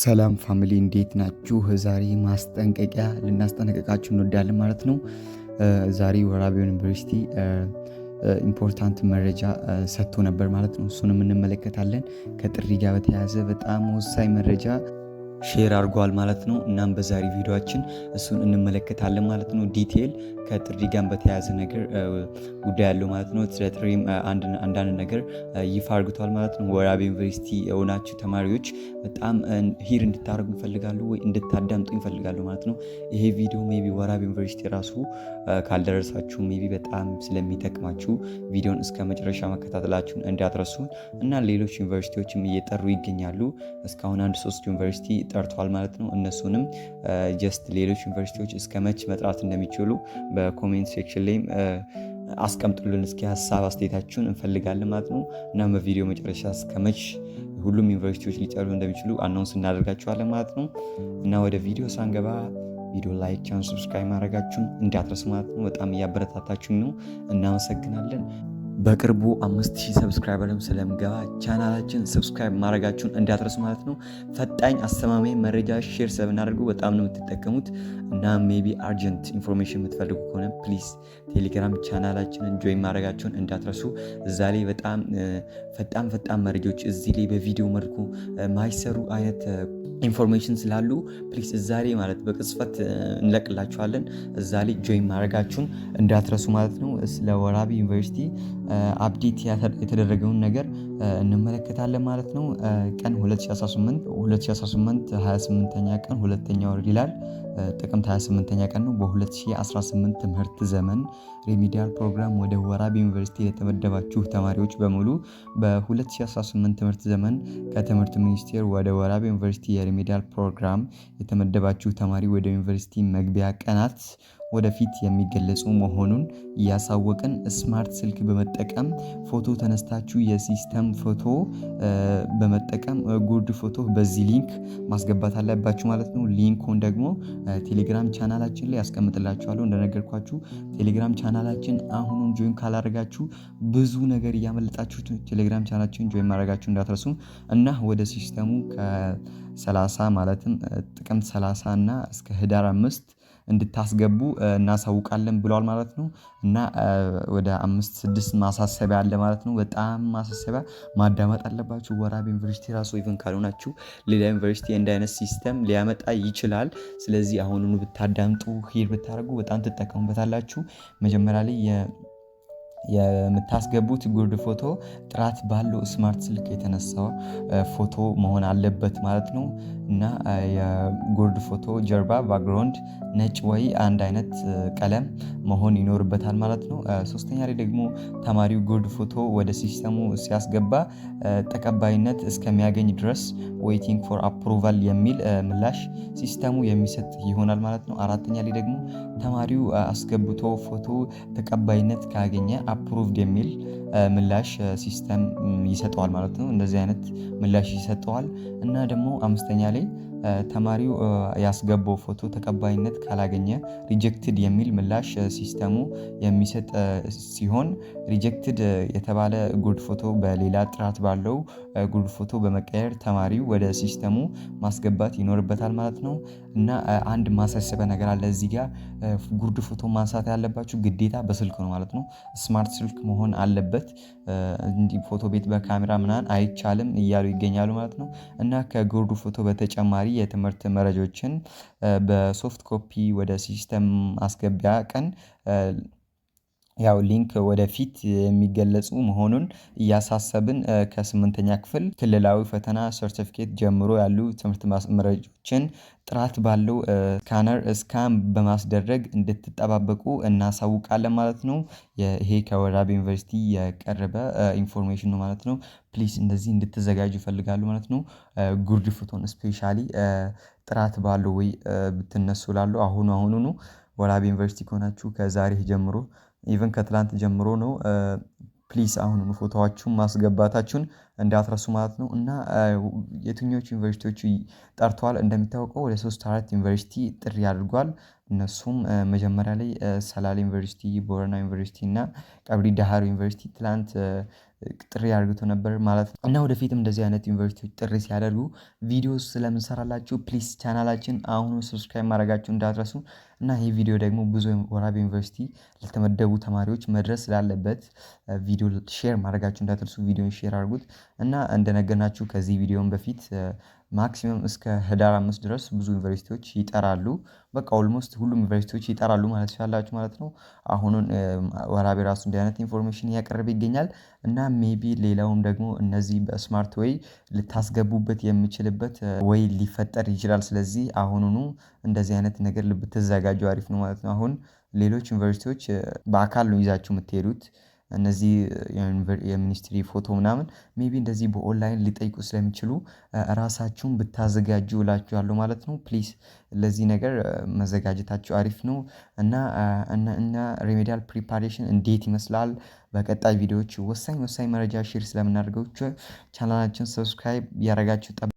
ሰላም ፋሚሊ እንዴት ናችሁ? ዛሬ ማስጠንቀቂያ ልናስጠነቀቃችሁ እንወዳለን ማለት ነው። ዛሬ ወራቢ ዩኒቨርሲቲ ኢምፖርታንት መረጃ ሰጥቶ ነበር ማለት ነው። እሱን እንመለከታለን። ከጥሪ ጋር በተያያዘ በጣም ወሳኝ መረጃ ሼር አድርጓል ማለት ነው። እናም በዛሬ ቪዲዮችን እሱን እንመለከታለን ማለት ነው። ዲቴል ከጥሪ ጋር በተያያዘ ነገር ጉዳይ ያለው ማለት ነው። ስለ ጥሪም አንዳንድ ነገር ይፋ አርግቷል ማለት ነው። ወራቤ ዩኒቨርሲቲ የሆናችሁ ተማሪዎች በጣም ሂር እንድታደርጉ ይፈልጋሉ ወይ እንድታዳምጡ ይፈልጋሉ ማለት ነው። ይሄ ቪዲዮ ሜይ ቢ ወራቤ ዩኒቨርሲቲ ራሱ ካልደረሳችሁ ሜይ ቢ በጣም ስለሚጠቅማችሁ ቪዲዮን እስከ መጨረሻ መከታተላችሁን እንዳትረሱ እና ሌሎች ዩኒቨርሲቲዎችም እየጠሩ ይገኛሉ። እስካሁን አንድ ሶስት ዩኒቨርሲቲ ጠርቷል ማለት ነው። እነሱንም ጀስት ሌሎች ዩኒቨርሲቲዎች እስከ መች መጥራት እንደሚችሉ በኮሜንት ሴክሽን ላይም አስቀምጡልን እስኪ ሀሳብ አስተያየታችሁን እንፈልጋለን ማለት ነው። እናም በቪዲዮ መጨረሻ እስከ መች ሁሉም ዩኒቨርሲቲዎች ሊጠሩ እንደሚችሉ አናውንስ እናደርጋችኋለን ማለት ነው። እና ወደ ቪዲዮ ሳንገባ ቪዲዮ ላይክ፣ ቻን፣ ሰብስክራይብ ማድረጋችሁን እንዳትረሱ ማለት ነው። በጣም እያበረታታችሁኝ ነው። እናመሰግናለን። በቅርቡ አምስት ሺህ ሰብስክራይበርም ስለምገባ ቻናላችን ሰብስክራይብ ማድረጋችሁን እንዳትረሱ ማለት ነው። ፈጣኝ አስተማማኝ መረጃ ሼር ስለምናደርጉ በጣም ነው የምትጠቀሙት እና ሜቢ አርጀንት ኢንፎርሜሽን የምትፈልጉ ከሆነ ፕሊዝ ቴሌግራም ቻናላችንን ጆይ ማድረጋችሁን እንዳትረሱ። እዛ ላይ በጣም ፈጣን ፈጣን መረጃዎች እዚህ ላይ በቪዲዮ መልኩ ማይሰሩ አይነት ኢንፎርሜሽን ስላሉ ፕሊስ እዛ ላይ ማለት በቅጽበት እንለቅላችኋለን። እዛ ላይ ጆይን ማድረጋችሁን እንዳትረሱ ማለት ነው። ስለ ወራቢ ዩኒቨርሲቲ አፕዴት የተደረገውን ነገር እንመለከታለን ማለት ነው። ቀን 2018 28ኛ ቀን ሁለተኛ ወር ይላል። ጥቅምት 28ኛ ቀን ነው። በ2018 ትምህርት ዘመን ሪሚዲያል ፕሮግራም ወደ ወራቤ ዩኒቨርሲቲ የተመደባችሁ ተማሪዎች በሙሉ በ2018 ትምህርት ዘመን ከትምህርት ሚኒስቴር ወደ ወራቤ ዩኒቨርሲቲ የሪሚዲያል ፕሮግራም የተመደባችሁ ተማሪ ወደ ዩኒቨርሲቲ መግቢያ ቀናት ወደፊት የሚገለጹ መሆኑን እያሳወቅን ስማርት ስልክ በመጠቀም ፎቶ ተነስታችሁ የሲስተም ፎቶ በመጠቀም ጉርድ ፎቶ በዚህ ሊንክ ማስገባት አለባችሁ ማለት ነው። ሊንኩን ደግሞ ቴሌግራም ቻናላችን ላይ ያስቀምጥላችኋለሁ። እንደነገርኳችሁ ቴሌግራም ቻናላችን አሁኑን ጆይን ካላደረጋችሁ ብዙ ነገር እያመለጣችሁ ቴሌግራም ቻናላችን ጆይን ማድረጋችሁ እንዳትረሱ እና ወደ ሲስተሙ ከ30 ማለትም ጥቅምት 30 እና እስከ ህዳር አምስት እንድታስገቡ እናሳውቃለን ብለዋል ማለት ነው። እና ወደ አምስት ስድስት ማሳሰቢያ አለ ማለት ነው። በጣም ማሳሰቢያ ማዳመጥ አለባችሁ። ወራቤ ዩኒቨርሲቲ ራሱ ኢቨን ካልሆናችሁ ሌላ ዩኒቨርሲቲ እንደ አይነት ሲስተም ሊያመጣ ይችላል። ስለዚህ አሁኑኑ ብታዳምጡ ሂድ ብታደርጉ በጣም ትጠቀሙበታላችሁ። መጀመሪያ ላይ የምታስገቡት ጉርድ ፎቶ ጥራት ባለው ስማርት ስልክ የተነሳው ፎቶ መሆን አለበት ማለት ነው እና የጉርድ ፎቶ ጀርባ ባክግራውንድ ነጭ ወይ አንድ አይነት ቀለም መሆን ይኖርበታል ማለት ነው። ሶስተኛ ላይ ደግሞ ተማሪው ጉርድ ፎቶ ወደ ሲስተሙ ሲያስገባ ተቀባይነት እስከሚያገኝ ድረስ ዌይቲንግ ፎር አፕሩቫል የሚል ምላሽ ሲስተሙ የሚሰጥ ይሆናል ማለት ነው። አራተኛ ላይ ደግሞ ተማሪው አስገብቶ ፎቶ ተቀባይነት ካገኘ አፕሩቭድ የሚል ምላሽ ሲስተም ይሰጠዋል ማለት ነው። እንደዚህ አይነት ምላሽ ይሰጠዋል እና ደግሞ አምስተኛ ላይ ተማሪው ያስገባው ፎቶ ተቀባይነት ካላገኘ ሪጀክትድ የሚል ምላሽ ሲስተሙ የሚሰጥ ሲሆን ሪጀክትድ የተባለ ጉድ ፎቶ በሌላ ጥራት ባለው ጉድ ፎቶ በመቀየር ተማሪው ወደ ሲስተሙ ማስገባት ይኖርበታል ማለት ነው። እና አንድ ማሳሰበ ነገር አለ እዚህ ጋር ጉድ ፎቶ ማንሳት ያለባችሁ ግዴታ በስልክ ነው ማለት ነው። ስማርት ስልክ መሆን አለበት። እንዲህ ፎቶ ቤት በካሜራ ምናምን አይቻልም እያሉ ይገኛሉ ማለት ነው። እና ከጉርዱ ፎቶ በተጨማሪ የትምህርት መረጃዎችን በሶፍት ኮፒ ወደ ሲስተም ማስገቢያ ቀን ያው ሊንክ ወደፊት የሚገለጹ መሆኑን እያሳሰብን ከስምንተኛ ክፍል ክልላዊ ፈተና ሰርቲፊኬት ጀምሮ ያሉ ትምህርት መረጃዎችን ጥራት ባለው ስካነር ስካን በማስደረግ እንድትጠባበቁ እናሳውቃለን ማለት ነው። ይሄ ከወራቤ ዩኒቨርሲቲ የቀረበ ኢንፎርሜሽን ነው ማለት ነው። ፕሊዝ እንደዚህ እንድትዘጋጁ ይፈልጋሉ ማለት ነው። ጉርድ ፎቶን ስፔሻሊ ጥራት ባለው ወይ ብትነሱ እላለሁ። አሁኑ አሁኑኑ ወራቤ ዩኒቨርሲቲ ከሆናችሁ ከዛሬ ጀምሮ ኢቨን ከትላንት ጀምሮ ነው። ፕሊስ አሁኑኑ ፎቶዋችሁን ማስገባታችሁን እንዳትረሱ ማለት ነው። እና የትኞቹ ዩኒቨርሲቲዎቹ ጠርተዋል? እንደሚታወቀው ወደ ሶስት አራት ዩኒቨርሲቲ ጥሪ አድርጓል። እነሱም መጀመሪያ ላይ ሰላል ዩኒቨርሲቲ ቦረና ዩኒቨርሲቲ እና ቀብሪ ዳሃር ዩኒቨርሲቲ ትላንት ጥሪ አድርገው ነበር ማለት ነው። እና ወደፊትም እንደዚህ አይነት ዩኒቨርሲቲዎች ጥሪ ሲያደርጉ ቪዲዮ ስለምንሰራላችሁ ፕሊስ ቻናላችን አሁኑ ሰብስክራይብ ማድረጋችሁ እንዳትረሱ እና ይህ ቪዲዮ ደግሞ ብዙ ወራቢ ዩኒቨርሲቲ ለተመደቡ ተማሪዎች መድረስ ስላለበት ቪዲዮ ሼር ማድረጋችሁ እንዳትረሱ። ቪዲዮን ሼር አድርጉት እና እንደነገርናችሁ ከዚህ ቪዲዮን በፊት ማክሲመም እስከ ህዳር አምስት ድረስ ብዙ ዩኒቨርሲቲዎች ይጠራሉ። በቃ ኦልሞስት ሁሉም ዩኒቨርሲቲዎች ይጠራሉ ማለት ትችላላችሁ ማለት ነው። አሁኑን ወራቤ ራሱ እንዲህ አይነት ኢንፎርሜሽን እያቀረበ ይገኛል እና ሜቢ ሌላውም ደግሞ እነዚህ በስማርት ወይ ልታስገቡበት የምችልበት ወይ ሊፈጠር ይችላል። ስለዚህ አሁኑኑ እንደዚህ አይነት ነገር ብትዘጋጁ አሪፍ ነው ማለት ነው። አሁን ሌሎች ዩኒቨርሲቲዎች በአካል ነው ይዛችሁ የምትሄዱት እነዚህ የሚኒስትሪ ፎቶ ምናምን ሜቢ እንደዚህ በኦንላይን ሊጠይቁ ስለሚችሉ ራሳችሁን ብታዘጋጁ እላችኋለሁ ማለት ነው። ፕሊስ ለዚህ ነገር መዘጋጀታችሁ አሪፍ ነው። እና እና እና ሪሜዲያል ፕሪፓሬሽን እንዴት ይመስላል? በቀጣይ ቪዲዮዎች ወሳኝ ወሳኝ መረጃ ሼር ስለምናደርገው ቻናላችን ሰብስክራይብ ያደረጋችሁ